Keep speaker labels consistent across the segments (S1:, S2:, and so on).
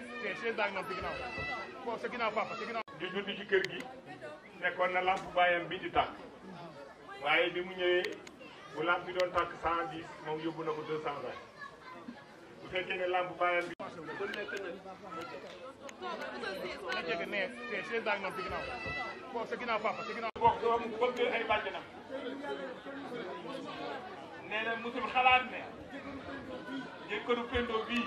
S1: te chaise baa ngi noonu ci ginnaaw bon sa ginnaaw papa sa ginnaaw. di julli ci kër gi na lamp baayam bi di tàkk waaye bi mu ñëwee bu lamp bi doon tàkk cent dix moom yóbbu na ko deux cent vingt bu fekkee ne lamp baayam bi. bu nekk nag. ne te chaise baa ci ginnaaw bon sa ginnaaw papa sa na musul xalaat ne jëkkëru Pendo bii.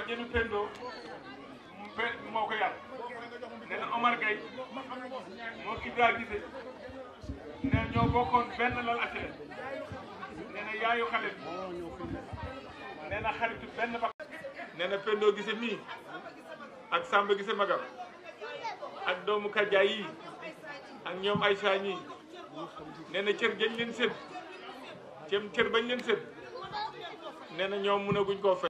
S1: bàjjenu Pendo moo ko yar nee na Omar Gueye moo ki daa gise nee na bokkoon benn lal atile nee na yaayu xale bi nee benn ba nee na gise mii ak Samba gise magam ak doomu Kajaay yi ak ñoom ay ñi nee na cër jañ leen sëdd cëm cër bañ leen sëdd nee na ñoom mënaguñ koo fekk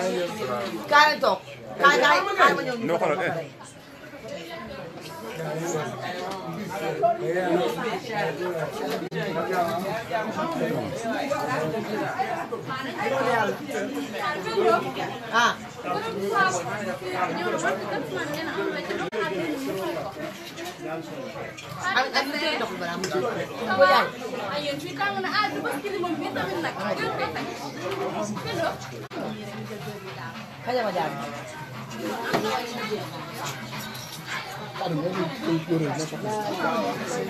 S1: kaay toog kaay kaay kaay ma ñëw ñu ko ah ak ak li ngeen doxul balaa mu jóg boo yaay. kaja majani Tadi mau di kurir, mau